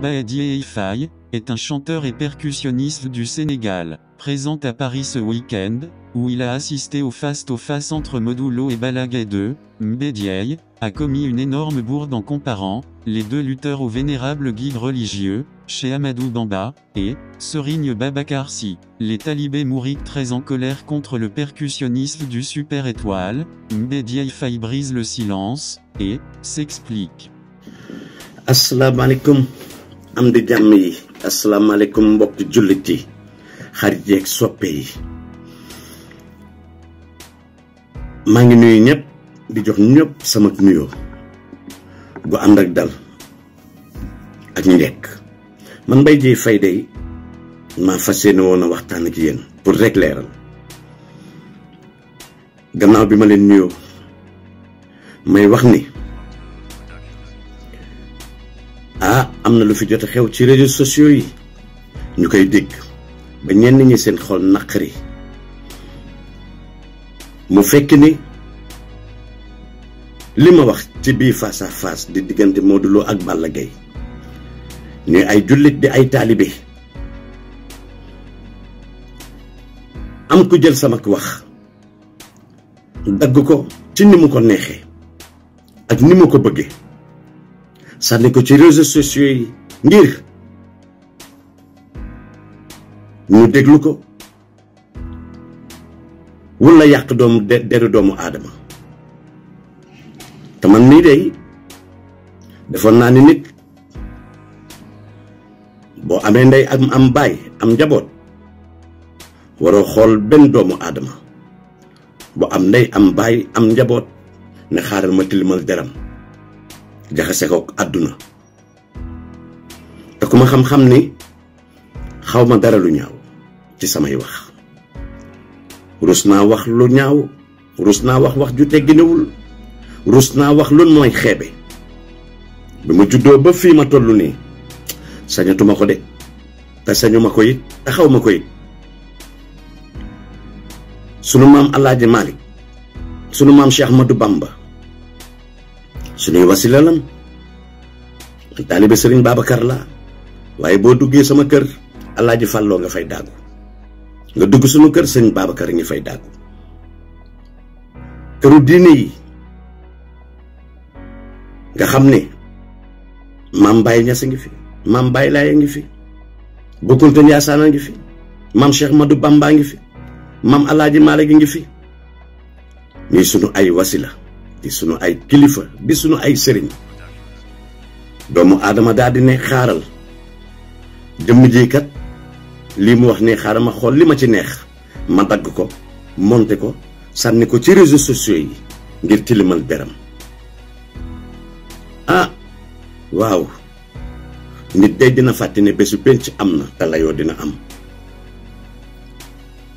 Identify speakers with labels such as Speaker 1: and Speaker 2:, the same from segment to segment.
Speaker 1: Baedie est un chanteur et percussionniste du Sénégal, présent à Paris ce week-end, où il a assisté au fast au face entre Modulo et Balagay 2. Mbediaye a commis une énorme bourde en comparant les deux lutteurs au vénérable guide religieux, chez Amadou Bamba, et Serigne Babakarsi. Les talibés mouriques très en colère contre le percussionniste du Super Étoile, Mbediaye Faye brise le silence, et s'explique. Assalamu am di jàmm yi asalaamaaleykum mbokk julit yi xarit yeeg soppe yi ma ngi nuyu ñep di jox ñep sama nuyoo bu ànd ak dal ak njekk man bay jey Faye day maa fas yéene woon waxtaan ak yeen pour rek gannaaw bi len leen may wax ni am na lu fi jot a xew ci réseaux sociaux yi ñu koy dégg ba ñenn ñi seen xol naqari mu fekk ni li ma wax ci biir face à di diggante Modou Lo ak Balla Gaye ñuy ay jullit di ay taalibe am ku jël sama wax dagg ko ci ni mu ko neexee ak ni mu ko bëggee sànni ko ci réseau sociaux yi ngir ñu déglu ko wala yàq doomu deru doomu aadama te man mii de defoon naa ni nit boo amee ndey am am baay am njaboot waroo xool benn doomu aadama boo am ndey am baay am njaboot ne xaaral ma tilimal deram jaxase ko aduna te kuma xam-xam ni xawma dara lu ñaaw ci samay wax rusna wax lu ñaaw rusna wax wax ju tegginewul rus naa wax lu noy xeebe bi ma juddoo ba fi ma tollu ni sañatuma ko de ta sañuma ko it ta xawma ko sunu mam alaaji malik sunu mam cheikh madou bamba sunyi wasilalam kita besering baba karla la waaye boo sama kër alaji fallo nga fay dagu nga dugg ker, kër baba kar ngi fay dagu këru diine yi nga xam mam maam mbaay fi mam mbaay laaya ngi fi bokkunte njaasaana ngi fi mam cheikh madou bamba ngi fi mam alaji malik ngi fi ñuy sunu ay di sunu ay kilifa di sunu ay sëriñ doomu aadama daal di ne xaaral jëmm jiikat lii mu wax ne xaaral ma xool li ma ci neex ma dagg ko monte ko sànni ko ci réseaux sociaux yi ngir tilimal beram ah waaw nit day dina fàtte ne bésu penc am na te layoo dina am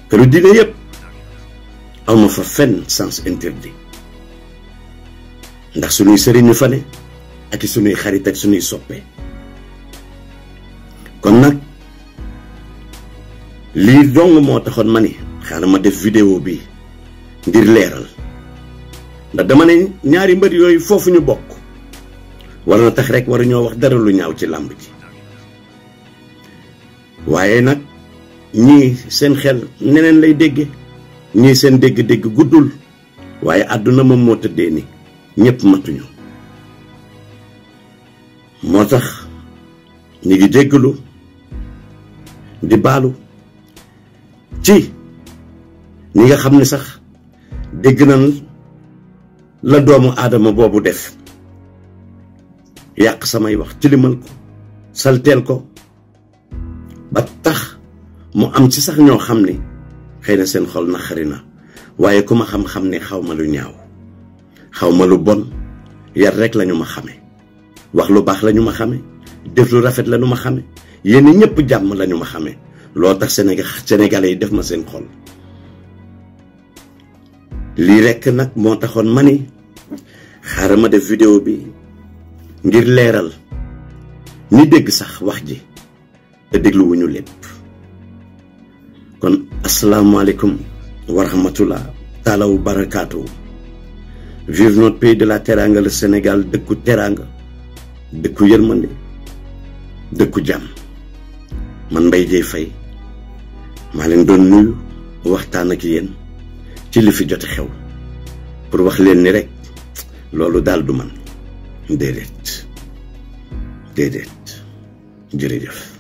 Speaker 1: këru diine yépp awma fa fenn sens interdit ndax suñuy sëriñ ñu fa ne ak suñuy xarit ak suñuy soppe kon nak li dong mo taxoon mané ni ma def vidéo bi ngir léral ndax dama né ñaari mbeut yoy fofu ñu bok war tax rek waru ñoo wax dara lu ñaaw ci lamb ji wayé nak ñi seen xel neneen lay déggé ñi seen dégg-dégg guddul waaye aduna moom mo ni nye matuñu moo tax ñu ngi jéggalu di baalu ci ni nga xam ne sax dégg nan la doomu aadama boobu def yàq samay wax tilimal ko salteel ko ba tax mu am ci sax ñoo xam ne xëy na seen xol na waaye ku ma xam-xam ne lu ñaaw xawma lu bon yar rek lañu ma xamé wax lu bax lañu ma xamé def lu rafet lañu ma xamé yene ñepp jamm lañu ma xamé tax sénégal sénégalais def ma seen xol li rek nak mo taxone mani xarama def vidéo bi ngir leral ni dégg sax wax ji te déglu wuñu lepp kon assalamu alaykum wa rahmatullah ta'ala wa vive notre pays de la teranga le senegal dëkku teranga dëkku yërmande dëkku jàmm man Mbaye Dieye Faye maa leen doon nuyu waxtaan ak yéen ci li fi jote xew pour wax leen ni rek loolu daal du man déedéet déedéet jërëjëf.